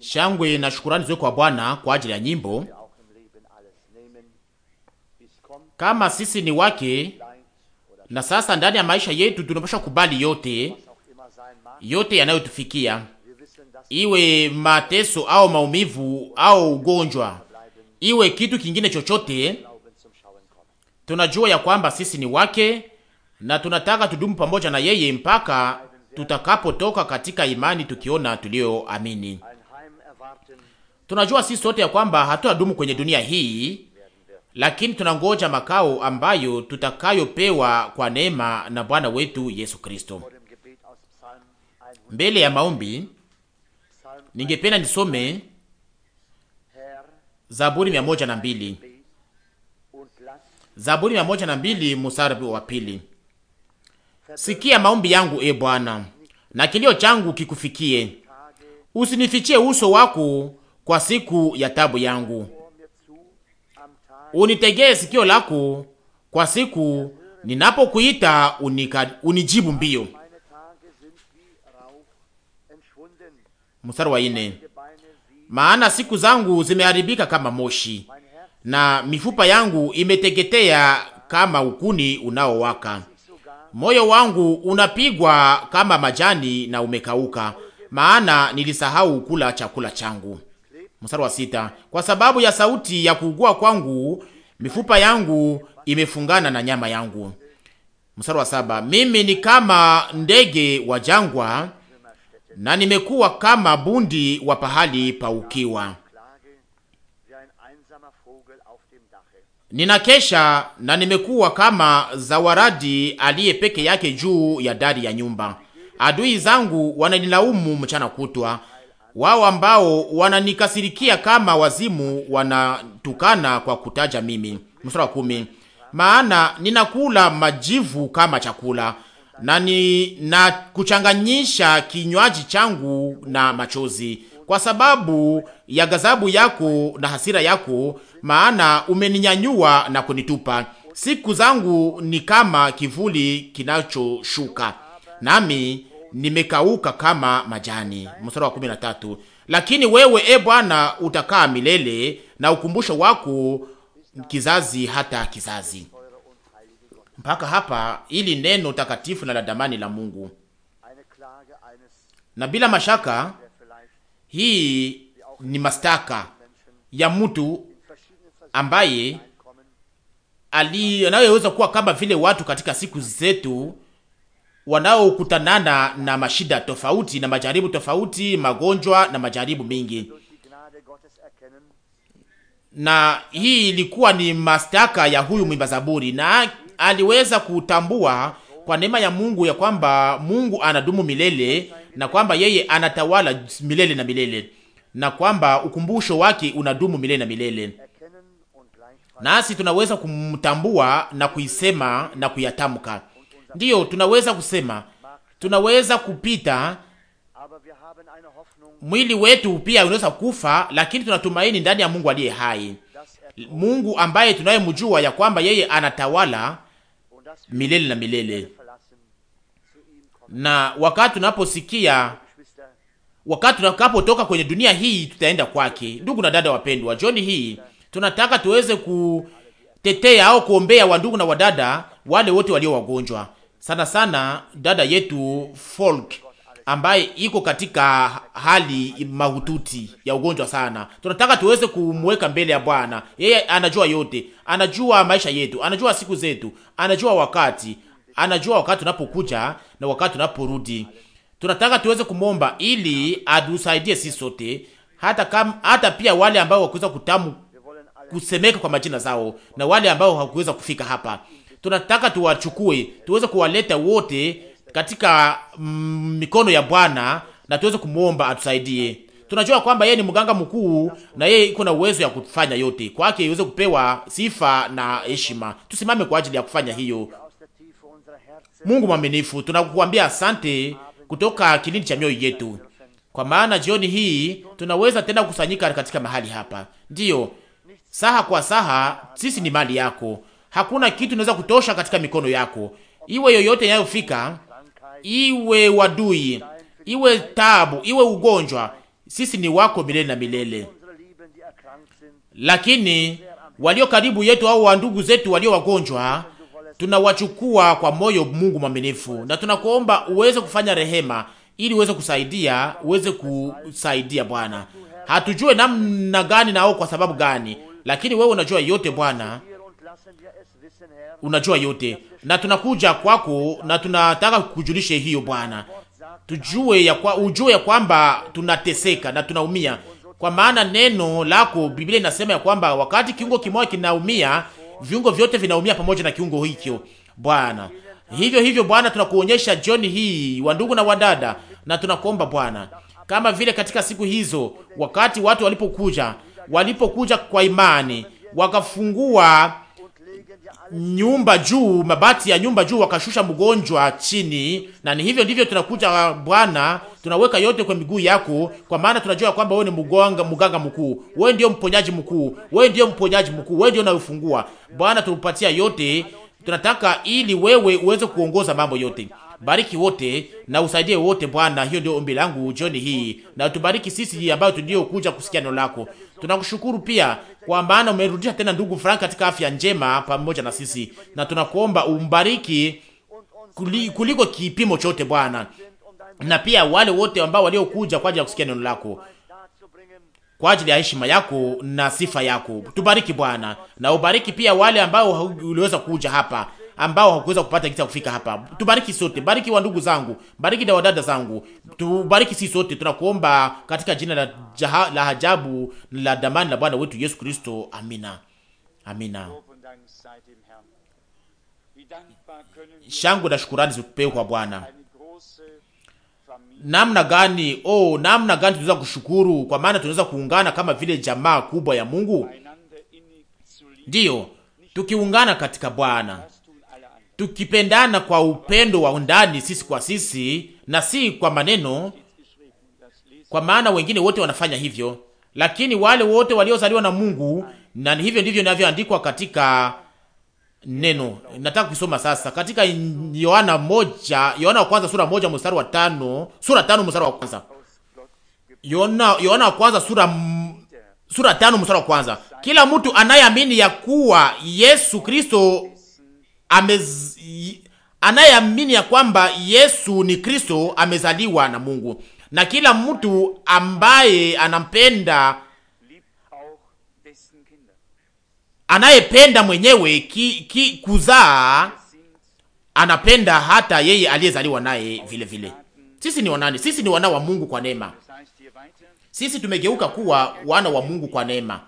Shangwe na shukurani kwa Bwana kwa ajili ya nyimbo. Kama sisi ni wake, na sasa ndani ya maisha yetu tunapasha kubali yote yote yanayotufikia, iwe mateso au maumivu au ugonjwa, iwe kitu kingine chochote. Tunajua ya kwamba sisi ni wake na tunataka tudumu pamoja na yeye mpaka tutakapotoka katika imani tukiona tulioamini. Tunajua sisi sote ya kwamba hatuadumu kwenye dunia hii, lakini tunangoja makao ambayo tutakayopewa kwa neema na Bwana wetu Yesu Kristo. Mbele ya maombi, ningependa nisome Zaburi mia moja na mbili Zaburi mia moja na mbili mstari wa pili. Sikia maombi yangu, e Bwana, na kilio changu kikufikie. Usinifichie uso wako kwa siku ya tabu yangu, unitegee sikio lako kwa siku ninapokuita, unijibu mbio. Mstari wa ine. Maana siku zangu zimeharibika kama moshi na mifupa yangu imeteketea kama ukuni unaowaka moyo wangu unapigwa kama majani na umekauka, maana nilisahau kula chakula changu. Mstari wa sita, kwa sababu ya sauti ya kuugua kwangu mifupa yangu imefungana na nyama yangu. Mstari wa saba, mimi ni kama ndege wa jangwa na nimekuwa kama bundi wa pahali paukiwa Ninakesha na nimekuwa kama zawaradi aliye peke yake juu ya dari ya nyumba. Adui zangu wananilaumu mchana kutwa, wao ambao wananikasirikia kama wazimu wanatukana kwa kutaja mimi. Mstari wa kumi, maana ninakula majivu kama chakula na, ni, na kuchanganyisha kinywaji changu na machozi kwa sababu ya ghadhabu yako na hasira yako, maana umeninyanyua na kunitupa. Siku zangu ni kama kivuli kinachoshuka, nami nimekauka kama majani. Mstari wa 13. Lakini wewe e Bwana utakaa milele, na ukumbusho wako kizazi hata kizazi. Mpaka hapa, ili neno takatifu na la damani la Mungu, na bila mashaka hii ni mashtaka ya mtu ambaye anayeweza kuwa kama vile watu katika siku zetu wanaokutanana na mashida tofauti na majaribu tofauti, magonjwa na majaribu mengi. Na hii ilikuwa ni mashtaka ya huyu mwimba Zaburi, na aliweza kutambua kwa neema ya Mungu ya kwamba Mungu anadumu milele na kwamba yeye anatawala milele na milele, na kwamba ukumbusho wake unadumu milele na milele. Nasi tunaweza kumtambua na kuisema na kuyatamka. Ndiyo, tunaweza kusema, tunaweza kupita. Mwili wetu pia unaweza kufa, lakini tunatumaini ndani ya Mungu aliye hai, Mungu ambaye tunayemjua ya kwamba yeye anatawala milele na milele na wakati tunaposikia, wakati tunapotoka kwenye dunia hii tutaenda kwake. Ndugu na dada wapendwa, jioni hii tunataka tuweze kutetea au kuombea wandugu na wadada wale wote walio wagonjwa, sana sana dada yetu Folk ambaye iko katika hali mahututi ya ugonjwa sana. Tunataka tuweze kumweka mbele ya Bwana. Yeye anajua yote, anajua maisha yetu, anajua siku zetu, anajua wakati, anajua wakati tunapokuja na wakati tunaporudi. Tunataka tuweze kumomba ili atusaidie sisi sote, hata kama hata pia wale ambao wakuweza kutamu kusemeka kwa majina zao na wale ambao hawakuweza kufika hapa. Tunataka tuwachukue, tuweze kuwaleta wote katika mm, mikono ya Bwana na tuweze kumwomba atusaidie. Tunajua kwamba yeye ni mganga mkuu na yeye iko na uwezo ya kufanya yote. Kwake iweze kupewa sifa na heshima. Tusimame kwa ajili ya kufanya hiyo Mungu mwaminifu, tunakuambia asante kutoka kilindi cha mioyo yetu, kwa maana jioni hii tunaweza tena kukusanyika katika mahali hapa. Ndiyo, saha kwa saha, sisi ni mali yako, hakuna kitu naweza kutosha katika mikono yako, iwe yoyote inayofika, iwe wadui, iwe tabu, iwe ugonjwa, sisi ni wako milele na milele. Lakini walio karibu yetu au wandugu zetu walio wagonjwa tunawachukua kwa moyo Mungu mwaminifu, na tunakuomba uweze kufanya rehema ili uweze kusaidia, uweze kusaidia Bwana. Hatujue namna gani nao kwa sababu gani, lakini wewe unajua yote Bwana, unajua yote, na tunakuja kwako na tunataka kujulishe hiyo Bwana, tujue ya kwa, ujue ya kwamba tunateseka na tunaumia, kwa maana neno lako Biblia inasema ya kwamba wakati kiungo kimoja kinaumia viungo vyote vinaumia pamoja na kiungo hicho Bwana. Hivyo hivyo Bwana, tunakuonyesha jioni hii wa ndugu na wadada, na tunakuomba Bwana, kama vile katika siku hizo, wakati watu walipokuja walipokuja kwa imani wakafungua nyumba juu, mabati ya nyumba juu, wakashusha mgonjwa chini. Na ni hivyo ndivyo tunakuja Bwana, tunaweka yote kwa miguu yako, kwa maana tunajua kwamba wewe ni mgonga, mganga mkuu, wewe ndio mponyaji mkuu, wewe ndio mponyaji mkuu, wewe ndio unayofungua Bwana, tunapatia yote tunataka, ili wewe uweze kuongoza mambo yote. Bariki wote na usaidie wote Bwana, hiyo ndio ombi langu jioni hii, na tubariki sisi ambao kuja kusikia neno lako. Tunakushukuru pia kwa maana umerudisha tena ndugu Frank katika afya njema pamoja na sisi, na tunakuomba umbariki kuliko kipimo chote Bwana, na pia wale wote ambao waliokuja kwa ajili ya kusikia neno lako kwa ajili ya heshima yako na sifa yako, tubariki Bwana, na ubariki pia wale ambao uliweza kuja hapa ambao hawakuweza kupata kitu kufika hapa. Tubariki sote, bariki wa ndugu zangu, bariki na wadada zangu, tubariki sisi sote, tunakuomba katika jina la, jaha, la hajabu la damani la Bwana wetu Yesu Kristo, amina, amina. Shangwe na shukurani zipewe kwa Bwana. Namna gani oh, namna gani tunaweza kushukuru, kwa maana tunaweza kuungana kama vile jamaa kubwa ya Mungu, ndiyo tukiungana katika Bwana tukipendana kwa upendo wa undani sisi kwa sisi na si kwa maneno, kwa maana wengine wote wanafanya hivyo, lakini wale wote waliozaliwa na Mungu, na hivyo ndivyo inavyoandikwa katika neno. Nataka kusoma sasa katika Yohana moja, Yohana wa kwanza sura moja mstari wa tano, sura tano mstari wa kwanza. Yohana, Yohana wa kwanza sura sura tano mstari wa kwanza. Kila mtu anayeamini ya kuwa Yesu Kristo anayeamini ya kwamba Yesu ni Kristo amezaliwa na Mungu, na kila mtu ambaye anampenda anayependa mwenyewe ki, ki kuzaa anapenda hata yeye aliyezaliwa naye vile vile. Sisi ni wanani? Sisi ni wana wa Mungu kwa neema. Sisi tumegeuka kuwa wana wa Mungu kwa neema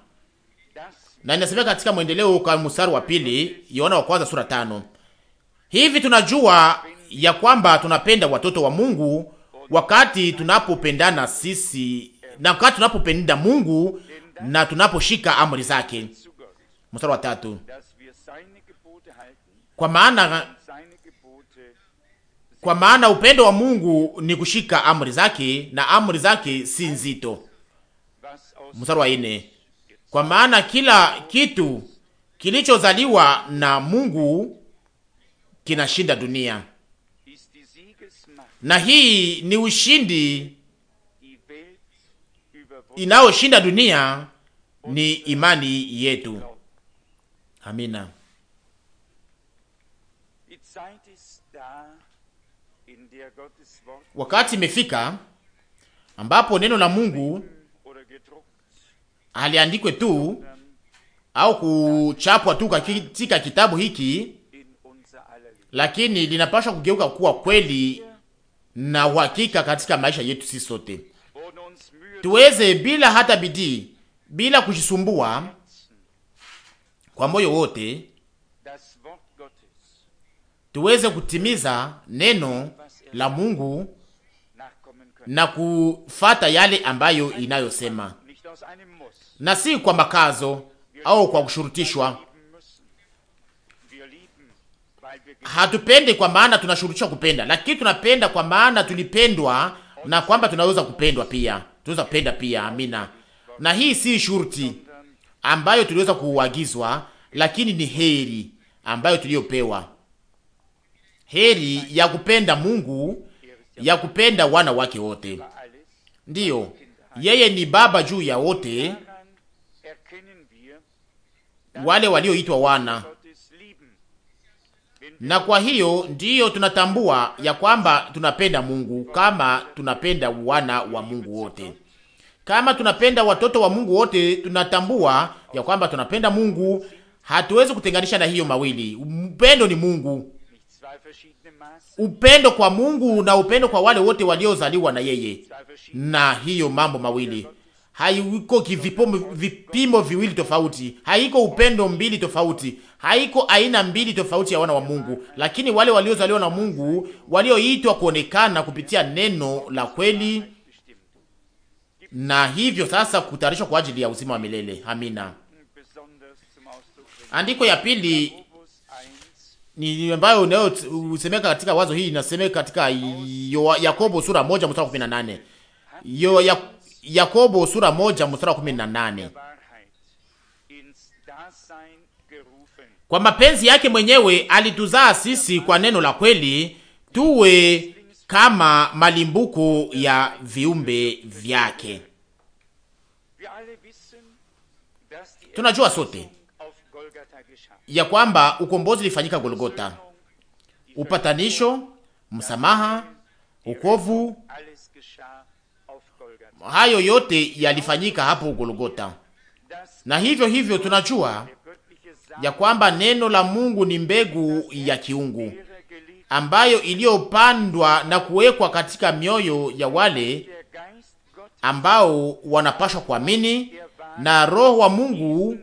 na inasemeka katika mwendeleo kwa mstari wa pili, Yohana wa kwanza sura tano. Hivi tunajua ya kwamba tunapenda watoto wa Mungu wakati tunapopendana sisi na wakati tunapopenda Mungu na tunaposhika amri zake. Mstari wa tatu, kwa maana kwa maana upendo wa Mungu ni kushika amri zake na amri zake si nzito. Mstari wa nne kwa maana kila kitu kilichozaliwa na Mungu kinashinda dunia, na hii ni ushindi inayoshinda dunia ni imani yetu. Amina. Wakati imefika ambapo neno la Mungu haliandikwe tu au kuchapwa tu katika kitabu hiki, lakini linapaswa kugeuka kuwa kweli na uhakika katika maisha yetu sisi sote, tuweze bila hata bidii, bila kujisumbua, kwa moyo wote tuweze kutimiza neno la Mungu na kufata yale ambayo inayosema na si kwa makazo au kwa kushurutishwa. Hatupendi kwa maana tunashurutishwa kupenda, lakini tunapenda kwa maana tulipendwa na kwamba tunaweza kupendwa pia, tunaweza kupenda pia. Amina. Na hii si shurti ambayo tuliweza kuagizwa, lakini ni heri ambayo tuliyopewa, heri ya kupenda Mungu, ya kupenda wana wake wote. Ndiyo, yeye ni baba juu ya wote wale walioitwa wana. Na kwa hiyo ndiyo tunatambua ya kwamba tunapenda Mungu kama tunapenda wana wa Mungu wote. Kama tunapenda watoto wa Mungu wote, tunatambua ya kwamba tunapenda Mungu. Hatuwezi kutenganisha na hiyo mawili. Upendo ni Mungu, upendo kwa Mungu na upendo kwa wale wote waliozaliwa na yeye, na hiyo mambo mawili haiko kivipo, vipimo viwili tofauti, haiko upendo mbili tofauti, haiko aina mbili tofauti ya wana wa Mungu, lakini wale waliozaliwa na Mungu walioitwa kuonekana kupitia neno la kweli, na hivyo sasa kutayarishwa kwa ajili ya uzima wa milele. Amina. Andiko ya pili ni ambayo unayo usemeka katika wazo hii, inasemeka katika Yakobo sura moja mstari wa 18 yo ya Yakobo sura moja mstari wa kumi na nane. Kwa mapenzi yake mwenyewe alituzaa sisi kwa neno la kweli, tuwe kama malimbuko ya viumbe vyake. Tunajua sote ya kwamba ukombozi ulifanyika Golgota, upatanisho, msamaha, ukovu hayo yote yalifanyika hapo Golgota, na hivyo hivyo tunajua ya kwamba neno la Mungu ni mbegu ya kiungu ambayo iliyopandwa na kuwekwa katika mioyo ya wale ambao wanapashwa kuamini, na Roho wa Mungu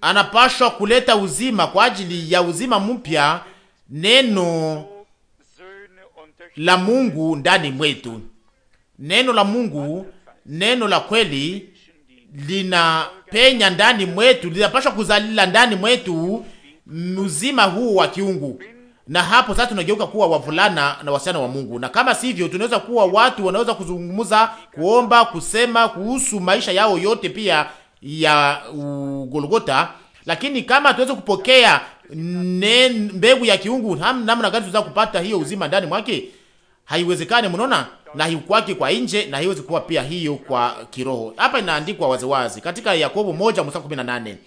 anapashwa kuleta uzima kwa ajili ya uzima mpya neno la Mungu ndani mwetu. Neno la Mungu, neno la kweli linapenya ndani mwetu, linapaswa kuzalila ndani mwetu mzima huu wa kiungu, na hapo sasa tunageuka kuwa wavulana na wasichana wa Mungu. Na kama sivyo, tunaweza kuwa watu wanaweza kuzungumza, kuomba, kusema kuhusu maisha yao yote pia ya Golgota, lakini kama tuweze kupokea mbegu ya kiungu, namna gani tunaweza kupata hiyo uzima ndani mwake? haiwezekani, mnaona, na hiukwaki kwa nje na haiwezi kuwa pia hiyo kwa kiroho. Hapa inaandikwa waziwazi katika Yakobo moja mstari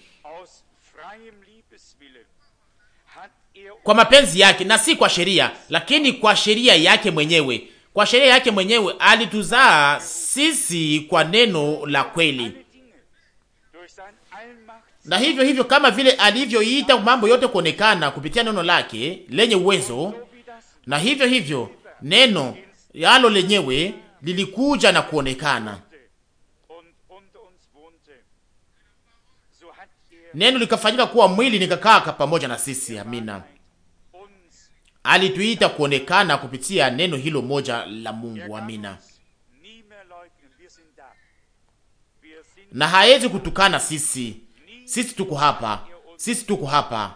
kwa mapenzi yake na si kwa sheria, lakini kwa sheria yake mwenyewe. Kwa sheria yake mwenyewe alituzaa sisi kwa neno la kweli, na hivyo hivyo kama vile alivyoita mambo yote kuonekana kupitia neno lake lenye uwezo, na hivyo hivyo neno yalo lenyewe lilikuja na kuonekana, neno likafanyika kuwa mwili, nikakaaka pamoja na sisi. Amina. Alituita kuonekana kupitia neno hilo moja la Mungu. Amina. Na hawezi kutukana sisi, sisi tuko hapa, sisi tuko hapa.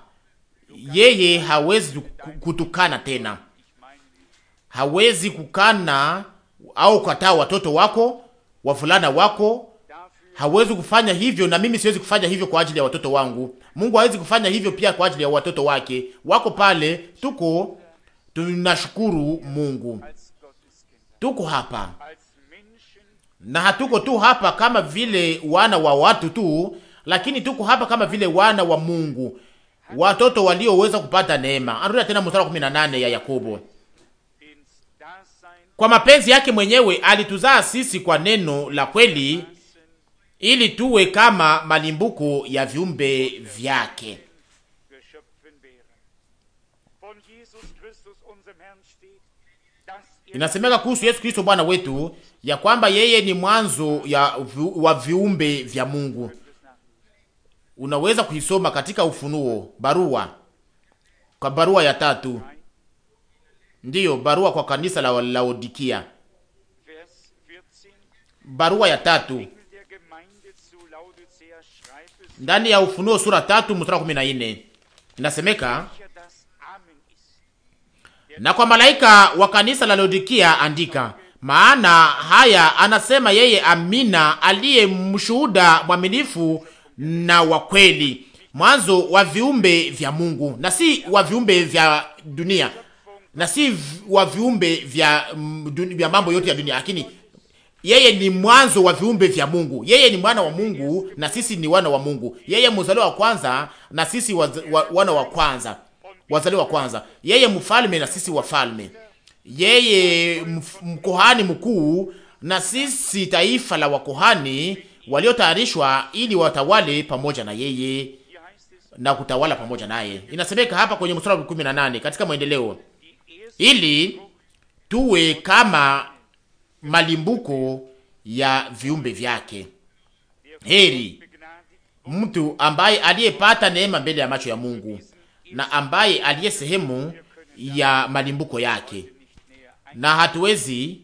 Yeye hawezi kutukana tena, hawezi kukana au kukataa watoto wako, wavulana wako hawezi kufanya hivyo, na mimi siwezi kufanya hivyo kwa ajili ya watoto wangu. Mungu hawezi kufanya hivyo pia kwa ajili ya watoto wake wako pale. Tuko tunashukuru Mungu, tuko hapa na hatuko tu hapa kama vile wana wa watu tu, lakini tuko hapa kama vile wana wa Mungu, watoto walioweza kupata neema. Arudia tena mstari wa 18 ya Yakobo. Kwa mapenzi yake mwenyewe alituzaa sisi kwa neno la kweli, ili tuwe kama malimbuko ya viumbe vyake. Inasemeka kuhusu Yesu Kristo Bwana wetu ya kwamba yeye ni mwanzo ya wa viumbe vya Mungu. Unaweza kuisoma katika Ufunuo barua kwa barua ya tatu ndiyo barua kwa kanisa la Laodikia, barua ya tatu ndani ya Ufunuo sura tatu mstari kumi na nne inasemeka, na kwa malaika wa kanisa la Laodikia andika, maana haya anasema yeye Amina, aliye mshuhuda mwaminifu na wa kweli, mwanzo wa viumbe vya Mungu na si wa viumbe vya dunia, na si wa viumbe vya, vya mambo yote ya dunia, lakini yeye ni mwanzo wa viumbe vya Mungu. Yeye ni mwana wa Mungu na sisi ni wana wa Mungu. Yeye mzaliwa wa kwanza na sisi wa, wa, wana wa kwanza, wazaliwa wa kwanza. Yeye mfalme na sisi wafalme. Yeye mf, mkohani mkuu na sisi taifa la wakohani waliotayarishwa ili watawale pamoja na yeye na kutawala pamoja naye. Inasemeka hapa kwenye mstari wa 18 katika maendeleo ili tuwe kama malimbuko ya viumbe vyake. Heri mtu ambaye aliyepata neema mbele ya macho ya Mungu na ambaye aliye sehemu ya malimbuko yake, na hatuwezi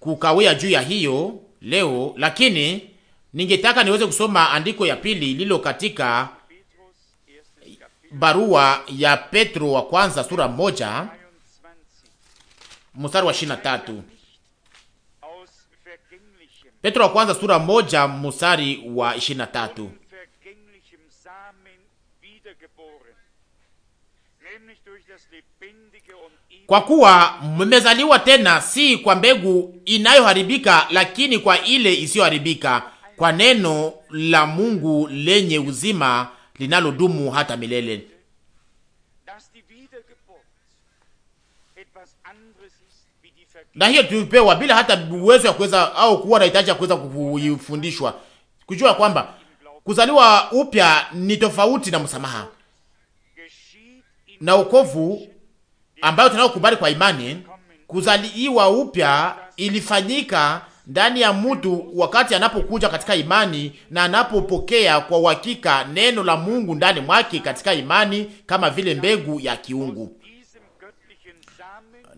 kukawia juu ya hiyo leo, lakini ningetaka niweze kusoma andiko ya pili lilo katika barua ya Petro wa kwanza sura moja mstari wa ishirini na tatu. Petro wa kwanza sura moja mstari wa ishirini na tatu. Kwa kuwa mmezaliwa tena si kwa mbegu inayoharibika, lakini kwa ile isiyoharibika, kwa neno la Mungu lenye uzima linalodumu hata milele. na hiyo tulipewa bila hata uwezo ya kuweza au kuwa na hitaji ya kuweza kuifundishwa, kujua kwamba kuzaliwa upya ni tofauti na msamaha na ukovu ambayo tunayokubali kwa imani. Kuzaliwa upya ilifanyika ndani ya mtu wakati anapokuja katika imani na anapopokea kwa uhakika neno la Mungu ndani mwake katika imani, kama vile mbegu ya kiungu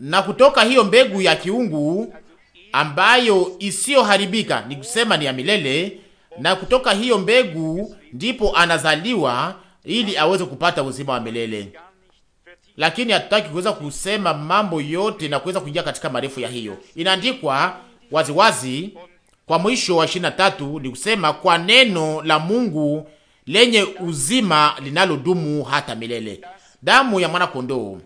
na kutoka hiyo mbegu ya kiungu ambayo isiyoharibika ni kusema ni ya milele, na kutoka hiyo mbegu ndipo anazaliwa ili aweze kupata uzima wa milele. Lakini hatutaki kuweza kusema mambo yote na kuweza kuingia katika marefu ya hiyo. Inaandikwa waziwazi kwa mwisho wa tatu ni kusema kwa neno la Mungu lenye uzima linalodumu hata milele, damu ya mwana kondoo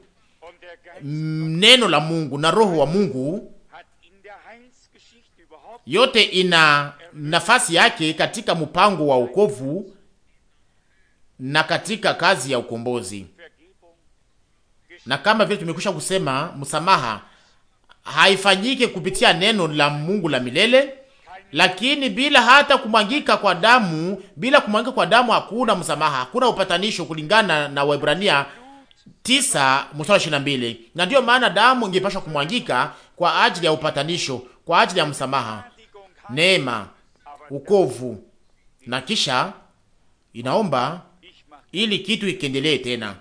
neno la Mungu na roho wa Mungu, yote ina nafasi yake katika mpango wa wokovu na katika kazi ya ukombozi. Na kama vile tumekwisha kusema, msamaha haifanyike kupitia neno la Mungu la milele, lakini bila hata kumwangika kwa damu, bila kumwangika kwa damu hakuna msamaha, hakuna upatanisho kulingana na Waebrania tisa mstari ishirini na mbili. Na ndiyo maana damu ingepashwa kumwangika kwa ajili ya upatanisho, kwa ajili ya msamaha, neema, ukovu, na kisha inaomba ili kitu ikiendelee tena.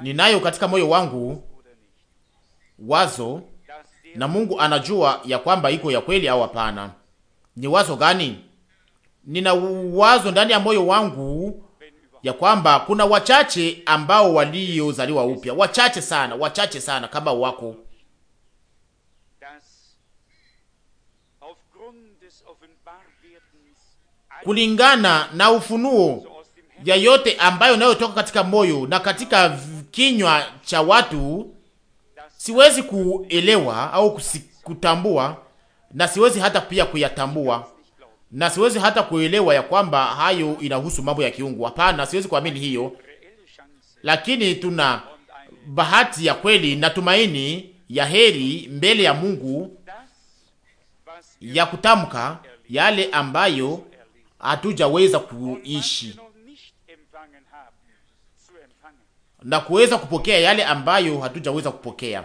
Ninayo katika moyo wangu wazo, na Mungu anajua ya kwamba iko ya kweli au hapana. Ni wazo gani? nina wazo ndani ya moyo wangu ya kwamba kuna wachache ambao waliozaliwa upya, wachache sana, wachache sana kama wako kulingana na ufunuo ya yote ambayo nayotoka katika moyo na katika kinywa cha watu, siwezi kuelewa au kutambua, na siwezi hata pia kuyatambua na siwezi hata kuelewa ya kwamba hayo inahusu mambo ya kiungu. Hapana, siwezi kuamini hiyo, lakini tuna bahati ya kweli na tumaini ya heri mbele ya Mungu ya kutamka yale ambayo hatujaweza kuishi na kuweza kupokea yale ambayo hatujaweza kupokea.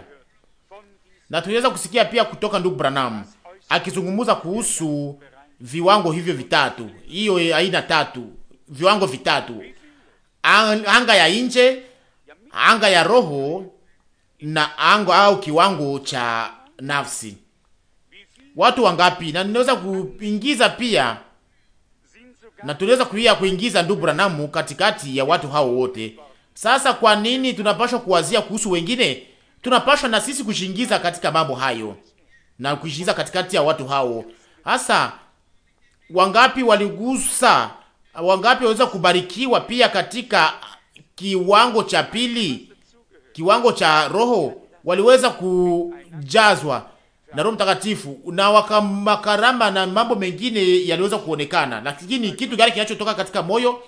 Na tuliweza kusikia pia kutoka ndugu Branham akizungumza kuhusu viwango hivyo vitatu, hiyo aina tatu, viwango vitatu: anga ya nje, anga ya roho na anga au kiwango cha nafsi. Watu wangapi? Na ninaweza kuingiza pia, na tunaweza kuia kuingiza ndugu Branamu katikati ya watu hao wote. Sasa kwa nini tunapashwa kuwazia kuhusu wengine? Tunapashwa na sisi kushingiza katika mambo hayo na kushingiza katikati ya watu hao hasa Wangapi waligusa, wangapi waweza kubarikiwa pia katika kiwango cha pili, kiwango cha roho, waliweza kujazwa na Roho Mtakatifu na wakamakarama na mambo mengine yaliweza kuonekana. Lakini kitu gani kinachotoka katika moyo?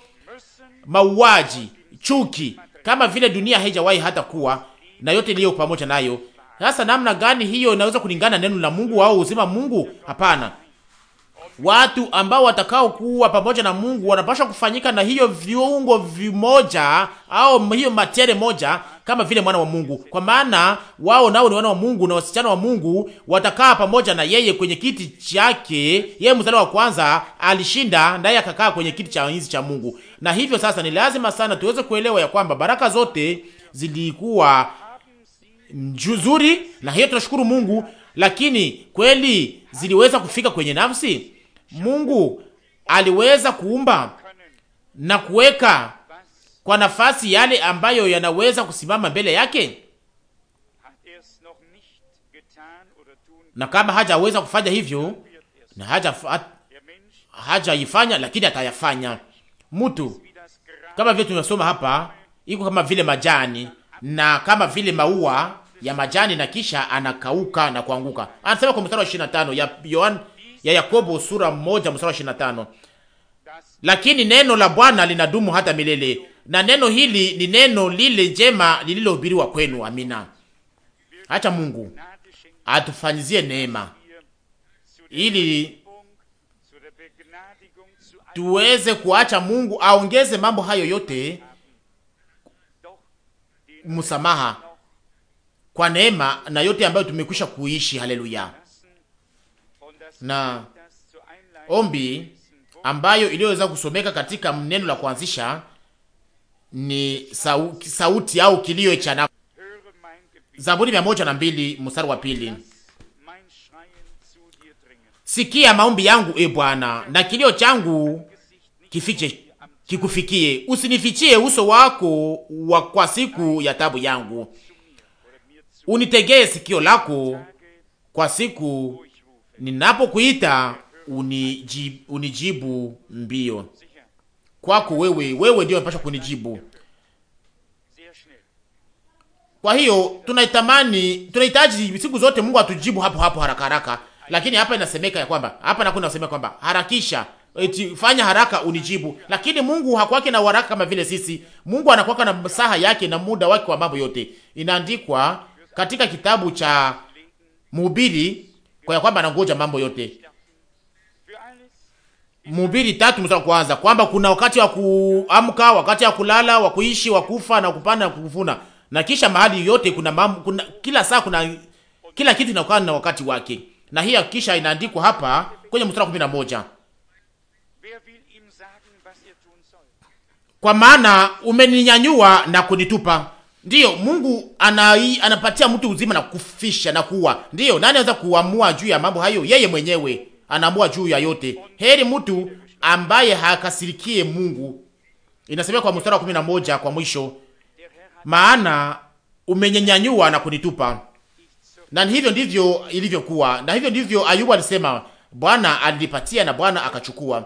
Mauaji, chuki, kama vile dunia haijawahi hata kuwa na yote iliyo pamoja nayo. Sasa namna gani hiyo inaweza kulingana neno la Mungu au uzima Mungu? Hapana watu ambao watakao kuwa pamoja na Mungu wanapaswa kufanyika na hiyo viungo vimoja au hiyo matere moja kama vile mwana wa Mungu, kwa maana wao nao ni wana wa Mungu na wasichana wa Mungu watakaa pamoja na yeye kwenye kiti chake. Yeye mzaliwa wa kwanza alishinda, naye akakaa kwenye kiti cha enzi cha Mungu. Na hivyo sasa, ni lazima sana tuweze kuelewa ya kwamba baraka zote zilikuwa nzuri, na hiyo tunashukuru Mungu, lakini kweli ziliweza kufika kwenye nafsi Mungu aliweza kuumba na kuweka kwa nafasi yale ambayo yanaweza kusimama mbele yake? Na kama hajaweza kufanya hivyo na haja lakini atayafanya. Mtu kama vile tunasoma hapa, iko kama vile majani na kama vile maua ya majani, na kisha anakauka na kuanguka. Anasema kwa mstari wa 25 ya Yohana ya Yakobo sura moja mstari wa ishirini na tano lakini neno la Bwana linadumu hata milele, na neno hili ni neno lile jema lililohubiriwa kwenu. Amina. Acha Mungu atufanyizie neema ili tuweze kuacha Mungu aongeze mambo hayo yote, msamaha kwa neema na yote ambayo tumekwisha kuishi. Haleluya na ombi ambayo iliyoweza kusomeka katika neno la kuanzisha ni sauti, sauti au kilio cha na Zaburi mia moja na mbili mstari wa pili. Sikia maombi yangu e Bwana, na kilio changu kifiche kikufikie, usinifichie uso wako wa kwa siku ya tabu yangu, unitegee sikio lako kwa siku ninapokuita unijibu, unijibu mbio. Kwako wewe, wewe ndio unapaswa kunijibu. Kwa hiyo tunaitamani, tunahitaji siku zote Mungu atujibu hapo hapo haraka haraka, lakini hapa inasemeka ya kwamba hapa nakuna nasemeka kwamba harakisha Eti, fanya haraka unijibu, lakini Mungu hakwake na waraka kama vile sisi. Mungu anakuwa na msaha yake na muda wake wa mambo yote. Inaandikwa katika kitabu cha Mhubiri kwa ya kwamba anangoja mambo yote. Mhubiri tatu mstari kwanza kwamba kuna wakati wa kuamka, wakati wa kulala, wa kuishi, wa kufa na kupanda na kuvuna. Na kisha mahali yote kuna mambo kuna kila saa kuna kila kitu inakuwa na wakati wake. Na hiyo kisha inaandikwa hapa kwenye mstari wa 11. Kwa maana umeninyanyua na kunitupa Ndiyo, Mungu anai, anapatia mtu uzima na kufisha na kuwa. Ndiyo, nani anaweza kuamua juu ya mambo hayo? Yeye mwenyewe anaamua juu ya yote. Heri mtu ambaye hakasirikie Mungu. Inasemeka kwa mstari wa 11 kwa mwisho, maana umenyanyua na kunitupa. Na hivyo ndivyo ilivyokuwa, na hivyo ndivyo Ayubu alisema, Bwana alinipatia na Bwana akachukua.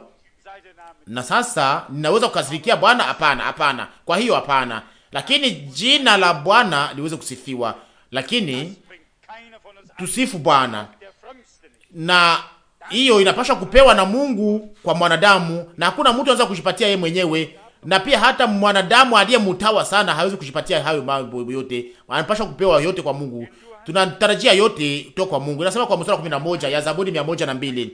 Na sasa ninaweza kukasirikia Bwana? Hapana, hapana. Kwa hiyo hapana lakini jina la Bwana liweze kusifiwa. Lakini tusifu Bwana, na hiyo inapaswa kupewa na Mungu kwa mwanadamu, na hakuna mtu anaweza kujipatia yeye mwenyewe, na pia hata mwanadamu aliye mtawa sana hawezi kujipatia hayo mambo yote, anapaswa kupewa yote kwa Mungu. Tunatarajia yote kutoka kwa Mungu. Inasema kwa mstari 11 ya Zaburi 102,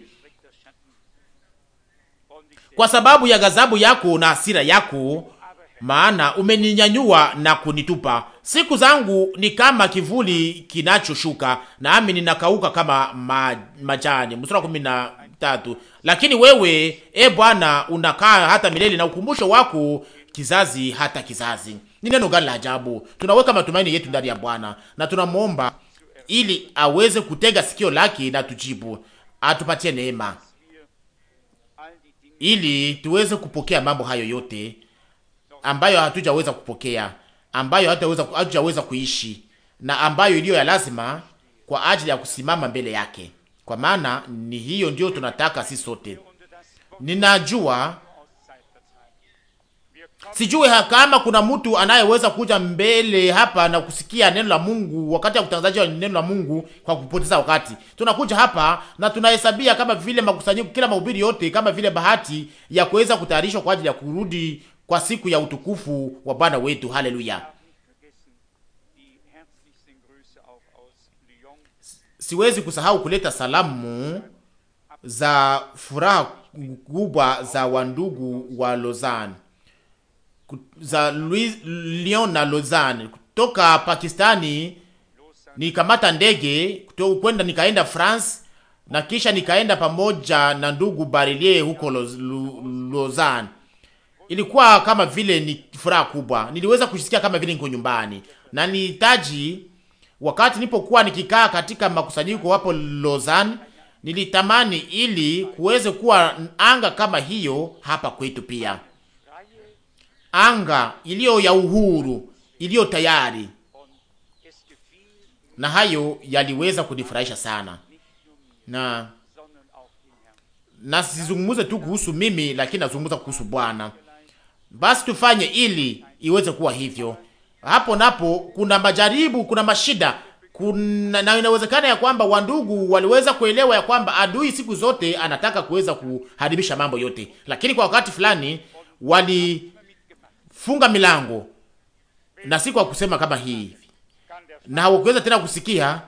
kwa sababu ya ghadhabu yako na hasira yako maana umeninyanyua na kunitupa. Siku zangu ni kama kivuli kinachoshuka, nami ninakauka kama ma, majani. Mstari kumi na tatu. Lakini wewe e Bwana unakaa hata milele na ukumbusho wako kizazi hata kizazi. Ni neno gani la ajabu! Tunaweka matumaini yetu ndani ya Bwana na tunamwomba ili aweze kutega sikio lake na tujibu, atupatie neema ili tuweze kupokea mambo hayo yote ambayo hatujaweza kupokea, ambayo hatutaweza hatujaweza kuishi na ambayo iliyo ya lazima kwa ajili ya kusimama mbele yake, kwa maana ni hiyo ndio tunataka sisi sote. Ninajua sijui kama kuna mtu anayeweza kuja mbele hapa na kusikia neno la Mungu wakati ya kutangazaji neno la Mungu kwa kupoteza wakati. Tunakuja hapa na tunahesabia kama vile makusanyiko, kila mahubiri yote kama vile bahati ya kuweza kutayarishwa kwa ajili ya kurudi kwa siku ya utukufu wa Bwana wetu. Haleluya! Siwezi kusahau kuleta salamu za furaha kubwa za wandugu wa Lausanne za Lyon na Lausanne kutoka Pakistani. Nikamata ndege kwenda nikaenda France na kisha nikaenda pamoja na ndugu Barilier huko Lausanne ilikuwa kama vile ni furaha kubwa, niliweza kusikia kama vile niko nyumbani, na nihitaji. wakati nilipokuwa nikikaa katika makusanyiko hapo Lausanne, nilitamani ili kuweze kuwa anga kama hiyo hapa kwetu pia, anga iliyo ya uhuru iliyo tayari, na hayo yaliweza kunifurahisha sana na na sizungumuze tu kuhusu mimi, lakini nazungumza kuhusu Bwana basi tufanye ili iweze kuwa hivyo. Hapo napo kuna majaribu, kuna mashida kuna, na inawezekana ya kwamba wandugu waliweza kuelewa ya kwamba adui siku zote anataka kuweza kuharibisha mambo yote, lakini kwa wakati fulani walifunga milango na si kwa kusema kama hii, na hawakuweza tena kusikia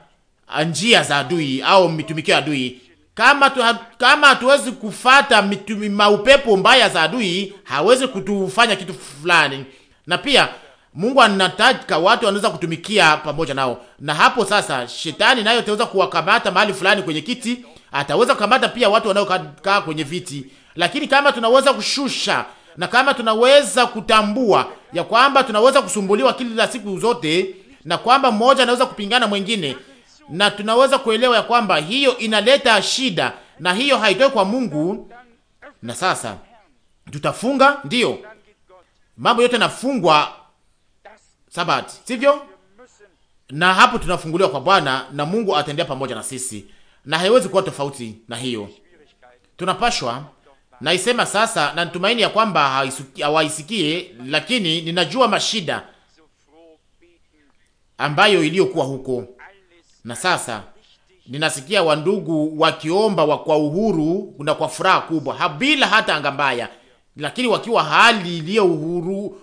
njia za adui au mitumikio ya adui, kama tu, kama hatuwezi kufata maupepo mbaya za adui, hawezi kutufanya kitu fulani. Na pia Mungu anataka watu wanaweza kutumikia pamoja nao, na hapo sasa shetani nayo ataweza kuwakamata mahali fulani kwenye kiti, ataweza kukamata pia watu wanaokaa kwenye viti. Lakini kama tunaweza kushusha na kama tunaweza kutambua ya kwamba tunaweza kusumbuliwa kila siku zote, na kwamba mmoja anaweza kupingana mwingine na tunaweza kuelewa ya kwamba hiyo inaleta shida na hiyo haitoi kwa Mungu. Na sasa tutafunga, ndiyo mambo yote yanafungwa Sabati, sivyo? Na hapo tunafunguliwa kwa Bwana na Mungu atendea pamoja na sisi, na haiwezi kuwa tofauti na hiyo. Tunapashwa naisema sasa, na natumaini ya kwamba hawaisikie, lakini ninajua mashida ambayo iliyokuwa huko na sasa ninasikia wandugu wakiomba wa kwa uhuru na kwa furaha kubwa, habila hata angambaya, lakini wakiwa hali iliyo uhuru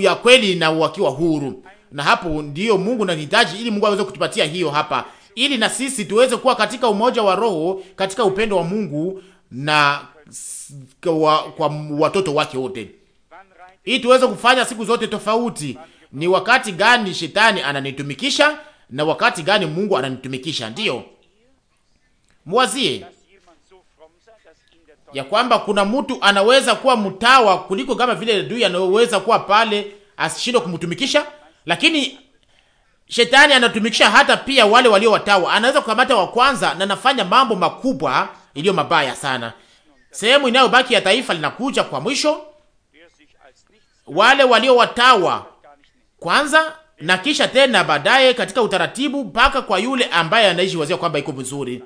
ya kweli na wakiwa huru. Na hapo ndiyo Mungu anahitaji, ili Mungu aweze kutupatia hiyo hapa, ili na sisi tuweze kuwa katika umoja wa Roho, katika upendo wa Mungu na kwa, kwa watoto wake wote, ili tuweze kufanya siku zote tofauti. Ni wakati gani shetani ananitumikisha na wakati gani Mungu ananitumikisha. Ndiyo, mwazie ya kwamba kuna mtu anaweza kuwa mtawa kuliko kama vile adui anaweza kuwa pale asishindwe kumtumikisha, lakini shetani anatumikisha hata pia wale walio watawa. Anaweza kukamata wa kwanza na nafanya mambo makubwa iliyo mabaya sana. Sehemu inayobaki ya taifa linakuja kwa mwisho, wale walio watawa kwanza na kisha tena baadaye katika utaratibu mpaka kwa yule ambaye anaishi wazia kwamba iko vizuri,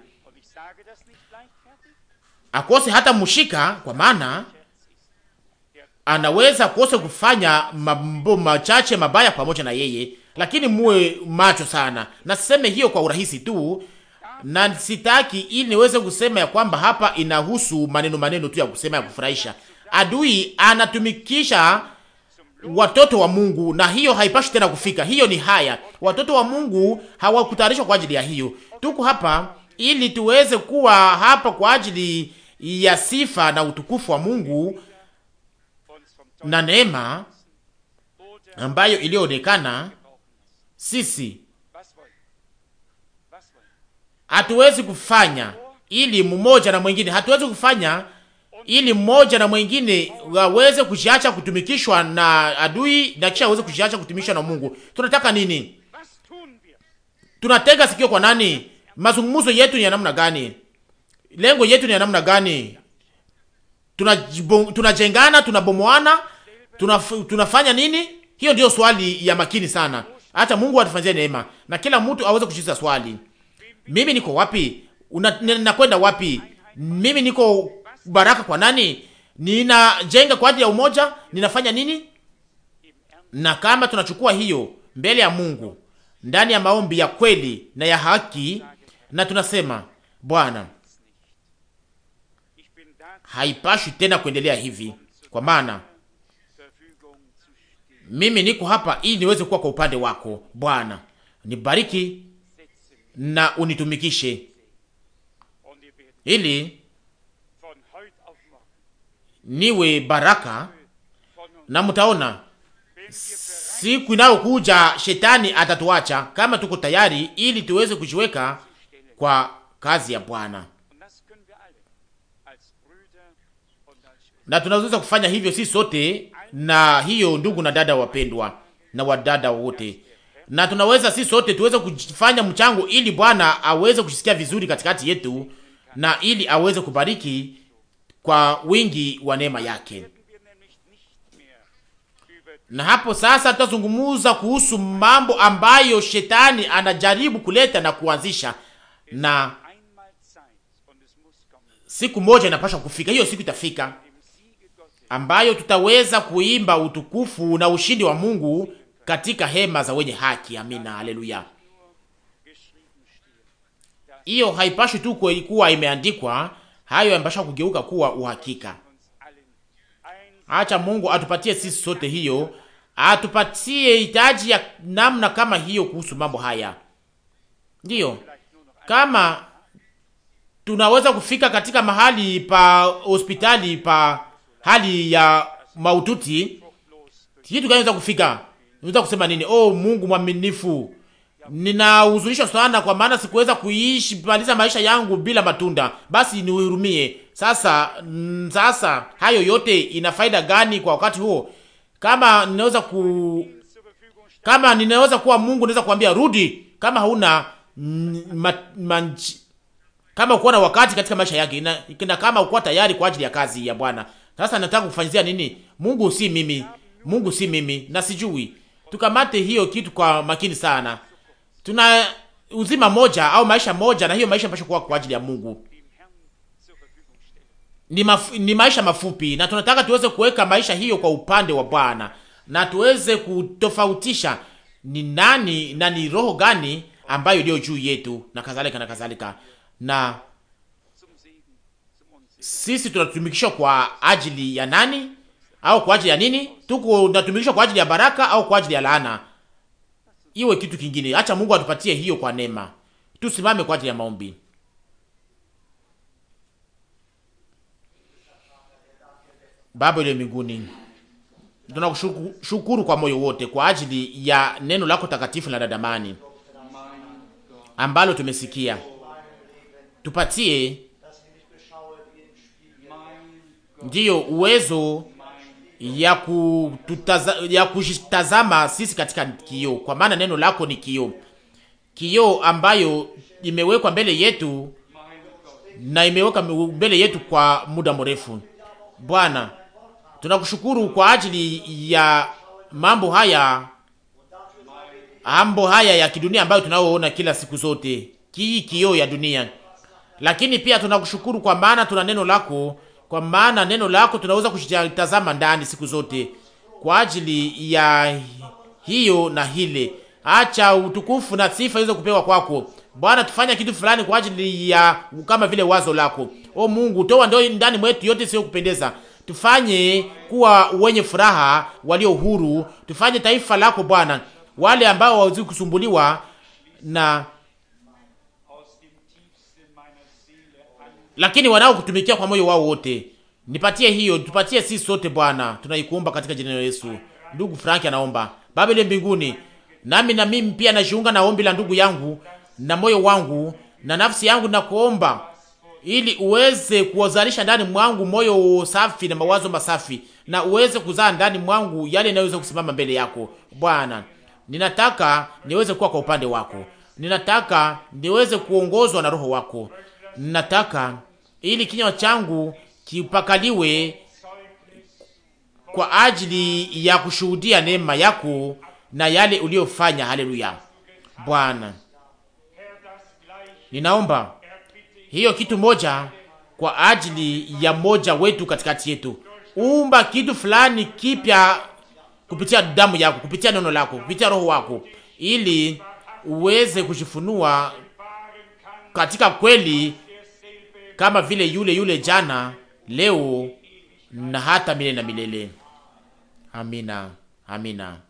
akose hata mushika, kwa maana anaweza kose kufanya mambo machache mabaya pamoja na yeye, lakini muwe macho sana. Na hiyo kwa urahisi tu, na sitaki ili niweze kusema ya kwamba hapa inahusu maneno maneno tu ya kusema ya kufurahisha. Adui anatumikisha watoto wa Mungu, na hiyo haipashi tena kufika. Hiyo ni haya, watoto wa Mungu hawakutayarishwa kwa ajili ya hiyo. Tuko hapa ili tuweze kuwa hapa kwa ajili ya sifa na utukufu wa Mungu na neema ambayo iliyoonekana. Sisi hatuwezi kufanya ili mmoja na mwingine, hatuwezi kufanya ili mmoja na mwingine waweze kujiacha kutumikishwa na adui na kisha waweze kujiacha kutumikishwa na Mungu. Tunataka nini? Tunatega sikio kwa nani? Mazungumzo yetu ni ya namna gani? Lengo yetu ni ya namna gani? Tunajengana, tunabomoana, tunaf, tunafanya nini? Hiyo ndiyo swali ya makini sana. Acha Mungu atufanyie neema na kila mtu aweze kujiuliza swali, mimi niko wapi? Una, nakwenda wapi? Mimi niko baraka kwa nani? Ninajenga kwa ajili ya umoja, ninafanya nini? Na kama tunachukua hiyo mbele ya Mungu ndani ya maombi ya kweli na ya haki, na tunasema Bwana, haipashi tena kuendelea hivi, kwa maana mimi niko hapa ili niweze kuwa kwa upande wako. Bwana, nibariki na unitumikishe ili niwe baraka, na mtaona siku inayokuja shetani atatuacha kama tuko tayari, ili tuweze kujiweka kwa kazi ya Bwana, na tunaweza kufanya hivyo sisi sote, na hiyo ndugu na dada wapendwa na wadada wote, na tunaweza sisi sote tuweze kufanya mchango ili Bwana aweze kushisikia vizuri katikati yetu na ili aweze kubariki kwa wingi wa neema yake. Na hapo sasa tutazungumza kuhusu mambo ambayo shetani anajaribu kuleta na kuanzisha, na siku moja inapaswa kufika, hiyo siku itafika ambayo tutaweza kuimba utukufu na ushindi wa Mungu katika hema za wenye haki. Amina, haleluya. Hiyo haipashi tu kuwa imeandikwa hayo yamepasha kugeuka kuwa uhakika. Acha Mungu atupatie sisi sote hiyo, atupatie hitaji ya namna kama hiyo kuhusu mambo haya. Ndiyo, kama tunaweza kufika katika mahali pa hospitali pa hali ya maututi, hii tunaweza kufika, Unaweza kusema nini? Oh Mungu mwaminifu, ninahuzunishwa sana, kwa maana sikuweza kuishi maliza maisha yangu bila matunda, basi nihurumie sasa. Mm, sasa hayo yote ina faida gani kwa wakati huo? Kama ninaweza ku kama ninaweza kuwa Mungu, naweza kuambia rudi, kama hauna mm, ma, manji, kama uko na wakati katika maisha yake na, na kama ukuwa tayari kwa ajili ya kazi ya Bwana. Sasa nataka kufanyia nini? Mungu si mimi, Mungu si mimi na sijui. Tukamate hiyo kitu kwa makini sana tuna uzima moja au maisha moja, na hiyo maisha ambayo kuwa kwa ajili ya Mungu ni, mafu, ni maisha mafupi, na tunataka tuweze kuweka maisha hiyo kwa upande wa Bwana na tuweze kutofautisha ni nani na ni roho gani ambayo iliyo juu yetu na kadhalika na kadhalika, na sisi tunatumikishwa kwa ajili ya nani au kwa ajili ya nini? Tuko tunatumikishwa kwa ajili ya baraka au kwa ajili ya laana? iwe kitu kingine. Acha Mungu atupatie hiyo kwa neema. Tusimame kwa ajili ya maombi. Baba ile mbinguni, tunakushukuru kwa moyo wote kwa ajili ya neno lako takatifu la dadamani ambalo tumesikia. Tupatie ndiyo uwezo ya kututaza, ya kujitazama sisi katika kio, kwa maana neno lako ni kio kio ambayo imewekwa mbele yetu na imeweka mbele yetu kwa muda mrefu. Bwana, tunakushukuru kwa ajili ya mambo haya mambo haya ya kidunia ambayo tunaoona kila siku zote, kii kio ya dunia, lakini pia tunakushukuru kwa maana tuna neno lako kwa maana neno lako tunaweza kushitazama ndani siku zote kwa ajili ya hiyo na hile. Acha utukufu na sifa hizo kupewa kwako Bwana, tufanya kitu fulani kwa ajili ya kama vile wazo lako. O Mungu, toa ndio ndani mwetu yote sio kupendeza, tufanye kuwa wenye furaha, walio huru, tufanye taifa lako Bwana, wale ambao hawawezi kusumbuliwa na lakini wanaokutumikia kwa moyo wao wote. Nipatie hiyo, tupatie sisi sote Bwana, tunaikuomba katika jina la Yesu. Ndugu Frank anaomba Baba ile mbinguni, nami na mimi pia najiunga na ombi la ndugu yangu na moyo wangu na nafsi yangu, na kuomba ili uweze kuwazalisha ndani mwangu moyo safi na mawazo masafi, na uweze kuzaa ndani mwangu yale yanayoweza kusimama mbele yako Bwana. Ninataka niweze kuwa kwa upande wako, ninataka niweze kuongozwa na Roho wako, ninataka ili kinywa changu kipakaliwe kwa ajili ya kushuhudia neema yako na yale uliyofanya. Haleluya. Bwana, ninaomba hiyo kitu moja kwa ajili ya moja wetu katikati yetu. Umba kitu fulani kipya kupitia damu yako, kupitia neno lako, kupitia roho wako, ili uweze kujifunua katika kweli kama vile yule yule jana, leo na hata milele na milele. Amina, amina.